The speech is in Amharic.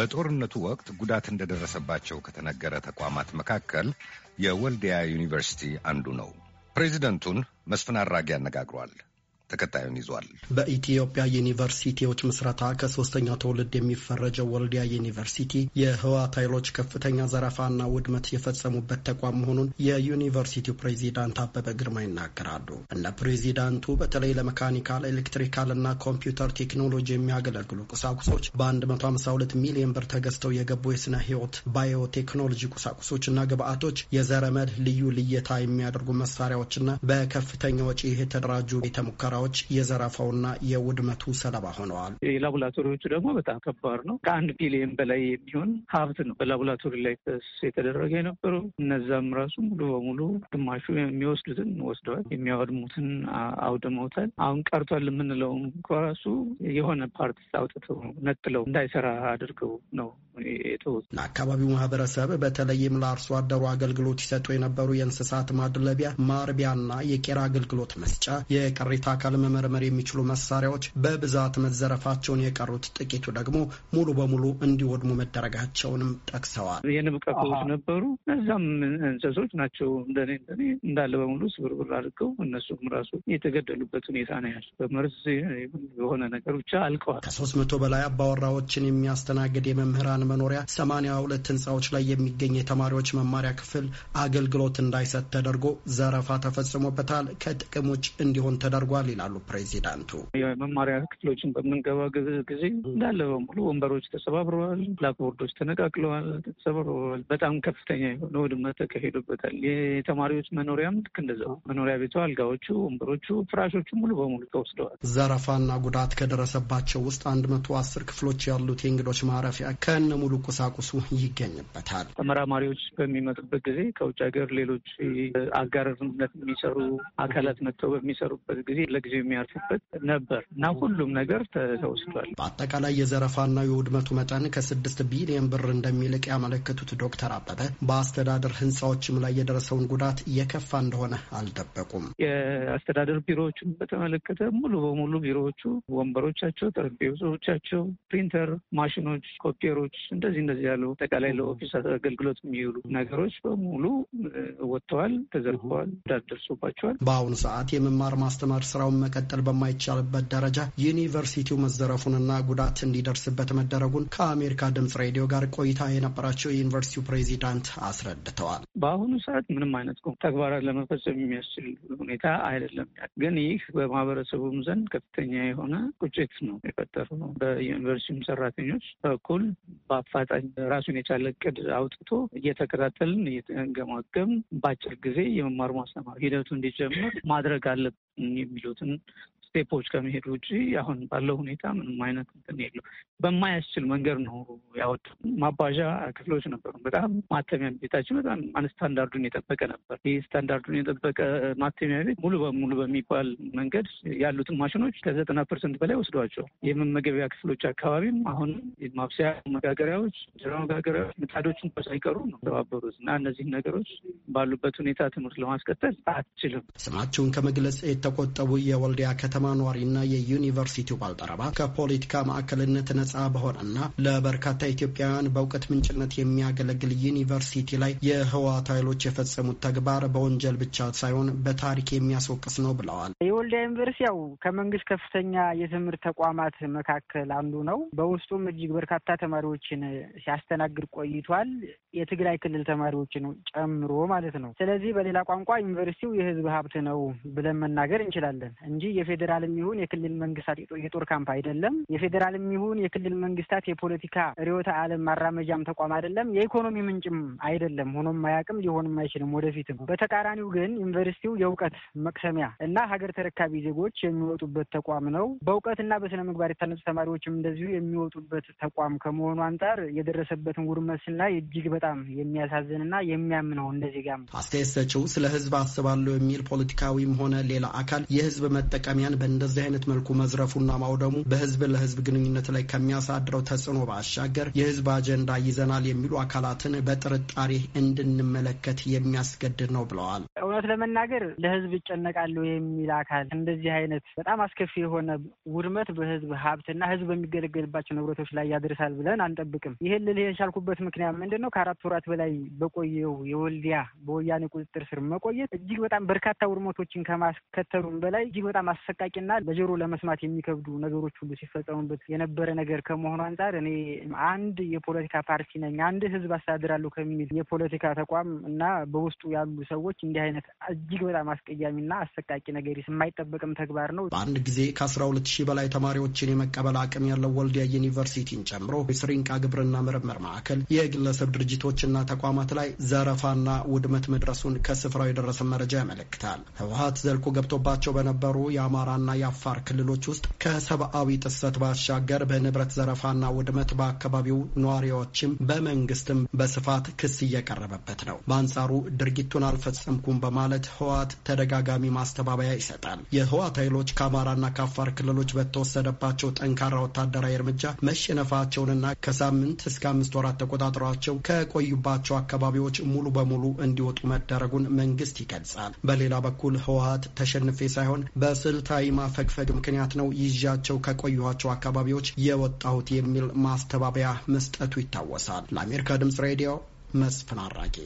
በጦርነቱ ወቅት ጉዳት እንደደረሰባቸው ከተነገረ ተቋማት መካከል የወልዲያ ዩኒቨርሲቲ አንዱ ነው። ፕሬዚደንቱን መስፍን አራጌ አነጋግሯል። ተከታዩን ይዟል። በኢትዮጵያ ዩኒቨርሲቲዎች ምስረታ ከሶስተኛ ትውልድ የሚፈረጀው ወልዲያ ዩኒቨርሲቲ የህወሓት ኃይሎች ከፍተኛ ዘረፋና ውድመት የፈጸሙበት ተቋም መሆኑን የዩኒቨርሲቲው ፕሬዚዳንት አበበ ግርማ ይናገራሉ። እነ ፕሬዚዳንቱ በተለይ ለመካኒካል ኤሌክትሪካልና ኮምፒውተር ቴክኖሎጂ የሚያገለግሉ ቁሳቁሶች በ152 ሚሊዮን ብር ተገዝተው የገቡ የስነ ህይወት ባዮቴክኖሎጂ ቁሳቁሶችና ግብአቶች፣ የዘረመድ ልዩ ልየታ የሚያደርጉ መሳሪያዎችና በከፍተኛ ወጪ የተደራጁ ቤተሙከራ ባለሙያዎች የዘረፋውና የውድመቱ ሰለባ ሆነዋል። የላቦራቶሪዎቹ ደግሞ በጣም ከባድ ነው። ከአንድ ቢሊየን በላይ የሚሆን ሀብት ነው በላቦራቶሪ ላይ የተደረገ የነበረው። እነዛም ራሱ ሙሉ በሙሉ ግማሹ የሚወስዱትን ወስደዋል፣ የሚያወድሙትን አውድመውታል። አሁን ቀርቷል የምንለውም ከራሱ የሆነ ፓርቲ አውጥተው ነጥለው እንዳይሰራ አድርገው ነው ለአካባቢው ማህበረሰብ በተለይም ለአርሶ አደሩ አገልግሎት ይሰጡ የነበሩ የእንስሳት ማድለቢያ ማርቢያና የቄራ አገልግሎት መስጫ የቅሪተ አካል መመርመር የሚችሉ መሳሪያዎች በብዛት መዘረፋቸውን የቀሩት ጥቂቱ ደግሞ ሙሉ በሙሉ እንዲወድሙ መደረጋቸውንም ጠቅሰዋል። የንብ ቀፎዎች ነበሩ። እነዛም እንስሶች ናቸው እንደኔ እንደኔ እንዳለ በሙሉ ስብርብር አድርገው እነሱም ራሱ የተገደሉበት ሁኔታ ነው ያለ። በመርዝ የሆነ ነገር ብቻ አልቀዋል። ከሶስት መቶ በላይ አባወራዎችን የሚያስተናግድ የመምህራን መኖሪያ 82 ህንፃዎች ላይ የሚገኝ የተማሪዎች መማሪያ ክፍል አገልግሎት እንዳይሰጥ ተደርጎ ዘረፋ ተፈጽሞበታል፣ ከጥቅም ውጭ እንዲሆን ተደርጓል ይላሉ ፕሬዚዳንቱ። የመማሪያ ክፍሎችን በምንገባ ጊዜ እንዳለ በሙሉ ወንበሮች ተሰባብረዋል፣ ብላክቦርዶች ተነቃቅለዋል፣ ተሰባብረዋል። በጣም ከፍተኛ የሆነ ውድመት ተካሂዶበታል። የተማሪዎች መኖሪያም ልክ እንደዛው መኖሪያ ቤቷ አልጋዎቹ፣ ወንበሮቹ፣ ፍራሾቹ ሙሉ በሙሉ ተወስደዋል። ዘረፋና ጉዳት ከደረሰባቸው ውስጥ አንድ መቶ አስር ክፍሎች ያሉት የእንግዶች ማረፊያ ከነ ከነ ሙሉ ቁሳቁሱ ይገኝበታል። ተመራማሪዎች በሚመጡበት ጊዜ ከውጭ ሀገር ሌሎች አጋርነት የሚሰሩ አካላት መጥተው በሚሰሩበት ጊዜ ለጊዜው የሚያርፉበት ነበር እና ሁሉም ነገር ተወስዷል። በአጠቃላይ የዘረፋና የውድመቱ መጠን ከስድስት ቢሊዮን ብር እንደሚልቅ ያመለከቱት ዶክተር አበበ በአስተዳደር ህንፃዎችም ላይ የደረሰውን ጉዳት የከፋ እንደሆነ አልደበቁም። የአስተዳደር ቢሮዎችን በተመለከተ ሙሉ በሙሉ ቢሮዎቹ ወንበሮቻቸው፣ ጠረጴዛዎቻቸው፣ ፕሪንተር ማሽኖች፣ ኮፒየሮች እንደዚህ እንደዚህ ያሉ አጠቃላይ ለኦፊስ አገልግሎት የሚውሉ ነገሮች በሙሉ ወጥተዋል፣ ተዘርፈዋል፣ ጉዳት ደርሶባቸዋል። በአሁኑ ሰዓት የመማር ማስተማር ስራውን መቀጠል በማይቻልበት ደረጃ ዩኒቨርሲቲው መዘረፉንና ጉዳት እንዲደርስበት መደረጉን ከአሜሪካ ድምጽ ሬዲዮ ጋር ቆይታ የነበራቸው የዩኒቨርሲቲው ፕሬዚዳንት አስረድተዋል። በአሁኑ ሰዓት ምንም አይነት ተግባራት ለመፈጸም የሚያስችል ሁኔታ አይደለም። ግን ይህ በማህበረሰቡም ዘንድ ከፍተኛ የሆነ ቁጭት ነው የፈጠሩ ነው በዩኒቨርሲቲውም ሰራተኞች በኩል በአፋጣኝ ራሱን የቻለ እቅድ አውጥቶ እየተከታተልን እየተገማገም በአጭር ጊዜ የመማር ማስተማር ሂደቱ እንዲጀምር ማድረግ አለብን የሚሉትን ስቴፖች ከመሄድ ውጭ አሁን ባለው ሁኔታ ምንም አይነት እንትን የለው። በማያስችል መንገድ ነው ያወጡ። ማባዣ ክፍሎች ነበሩ። በጣም ማተሚያ ቤታችን በጣም ስታንዳርዱን የጠበቀ ነበር። ይህ ስታንዳርዱን የጠበቀ ማተሚያ ቤት ሙሉ በሙሉ በሚባል መንገድ ያሉትን ማሽኖች ከዘጠና ፐርሰንት በላይ ወስዷቸው የመመገቢያ ክፍሎች አካባቢም አሁን ማብሰያ መጋገሪያዎች፣ እንጀራ መጋገሪያዎች፣ ምጣዶችን ሳይቀሩ ነው ተባበሩት እና እነዚህን ነገሮች ባሉበት ሁኔታ ትምህርት ለማስቀጠል አትችልም። ስማቸውን ከመግለጽ የተቆጠቡ የወልዲያ ከተማ ከተማ ኗሪና የዩኒቨርሲቲው ባልጠረባ ከፖለቲካ ማዕከልነት ነጻ በሆነና ለበርካታ ኢትዮጵያውያን በእውቀት ምንጭነት የሚያገለግል ዩኒቨርሲቲ ላይ የህወሓት ኃይሎች የፈጸሙት ተግባር በወንጀል ብቻ ሳይሆን በታሪክ የሚያስወቅስ ነው ብለዋል። የወልዲያ ዩኒቨርሲቲ ያው ከመንግስት ከፍተኛ የትምህርት ተቋማት መካከል አንዱ ነው። በውስጡም እጅግ በርካታ ተማሪዎችን ሲያስተናግድ ቆይቷል። የትግራይ ክልል ተማሪዎችን ጨምሮ ማለት ነው። ስለዚህ በሌላ ቋንቋ ዩኒቨርሲቲው የህዝብ ሀብት ነው ብለን መናገር እንችላለን እንጂ የፌዴራል የፌዴራልም ይሁን የክልል መንግስታት የጦር ካምፕ አይደለም። የፌዴራልም ይሁን የክልል መንግስታት የፖለቲካ ርዕዮተ ዓለም ማራመጃም ተቋም አይደለም። የኢኮኖሚ ምንጭም አይደለም። ሆኖም አያውቅም፣ ሊሆንም አይችልም ወደፊትም። በተቃራኒው ግን ዩኒቨርሲቲው የእውቀት መቅሰሚያ እና ሀገር ተረካቢ ዜጎች የሚወጡበት ተቋም ነው። በእውቀትና በስነ ምግባር የታነጹ ተማሪዎችም እንደዚሁ የሚወጡበት ተቋም ከመሆኑ አንጻር የደረሰበትን ውድመት ስናይ እጅግ በጣም የሚያሳዝንና የሚያም ነው። እንደዚህ ጋም አስተያየት ሰጪው ስለ ህዝብ አስባለሁ የሚል ፖለቲካዊም ሆነ ሌላ አካል የህዝብ መጠቀሚያን በእንደዚህ አይነት መልኩ መዝረፉና ማውደሙ በህዝብ ለህዝብ ግንኙነት ላይ ከሚያሳድረው ተጽዕኖ ባሻገር የህዝብ አጀንዳ ይዘናል የሚሉ አካላትን በጥርጣሬ እንድንመለከት የሚያስገድድ ነው ብለዋል። እውነት ለመናገር ለህዝብ ይጨነቃሉ የሚል አካል እንደዚህ አይነት በጣም አስከፊ የሆነ ውድመት በህዝብ ሀብትና ህዝብ በሚገለገልባቸው ንብረቶች ላይ ያደርሳል ብለን አንጠብቅም። ይህን ልልህ የቻልኩበት ምክንያት ምንድን ነው? ከአራት ወራት በላይ በቆየው የወልዲያ በወያኔ ቁጥጥር ስር መቆየት እጅግ በጣም በርካታ ውድመቶችን ከማስከተሉም በላይ እጅግ በጣም አሰቃቂ አስጨናቂና በጆሮ ለመስማት የሚከብዱ ነገሮች ሁሉ ሲፈጸሙበት የነበረ ነገር ከመሆኑ አንጻር እኔ አንድ የፖለቲካ ፓርቲ ነኝ፣ አንድ ህዝብ አስተዳድራለሁ ከሚል የፖለቲካ ተቋም እና በውስጡ ያሉ ሰዎች እንዲህ አይነት እጅግ በጣም አስቀያሚና አሰቃቂ ነገር የማይጠበቅም ተግባር ነው። በአንድ ጊዜ ከአስራ ሁለት ሺህ በላይ ተማሪዎችን የመቀበል አቅም ያለው ወልዲያ ዩኒቨርሲቲን ጨምሮ የስሪንቃ ግብርና ምርምር ማዕከል የግለሰብ ድርጅቶችና ተቋማት ላይ ዘረፋና ውድመት መድረሱን ከስፍራው የደረሰ መረጃ ያመለክታል። ህወሀት ዘልቆ ገብቶባቸው በነበሩ የአማራ የአማራና የአፋር ክልሎች ውስጥ ከሰብአዊ ጥሰት ባሻገር በንብረት ዘረፋና ውድመት በአካባቢው ነዋሪዎችም በመንግስትም በስፋት ክስ እየቀረበበት ነው። በአንጻሩ ድርጊቱን አልፈጸምኩም በማለት ህወሓት ተደጋጋሚ ማስተባበያ ይሰጣል። የህወሓት ኃይሎች ከአማራና ከአፋር ክልሎች በተወሰደባቸው ጠንካራ ወታደራዊ እርምጃ መሸነፋቸውንና ከሳምንት እስከ አምስት ወራት ተቆጣጥሯቸው ከቆዩባቸው አካባቢዎች ሙሉ በሙሉ እንዲወጡ መደረጉን መንግስት ይገልጻል። በሌላ በኩል ህወሓት ተሸንፌ ሳይሆን በስልታ ፖለቲካዊ ማፈግፈግ ምክንያት ነው ይዣቸው ከቆየኋቸው አካባቢዎች የወጣሁት የሚል ማስተባበያ መስጠቱ ይታወሳል። ለአሜሪካ ድምጽ ሬዲዮ መስፍን አራጌ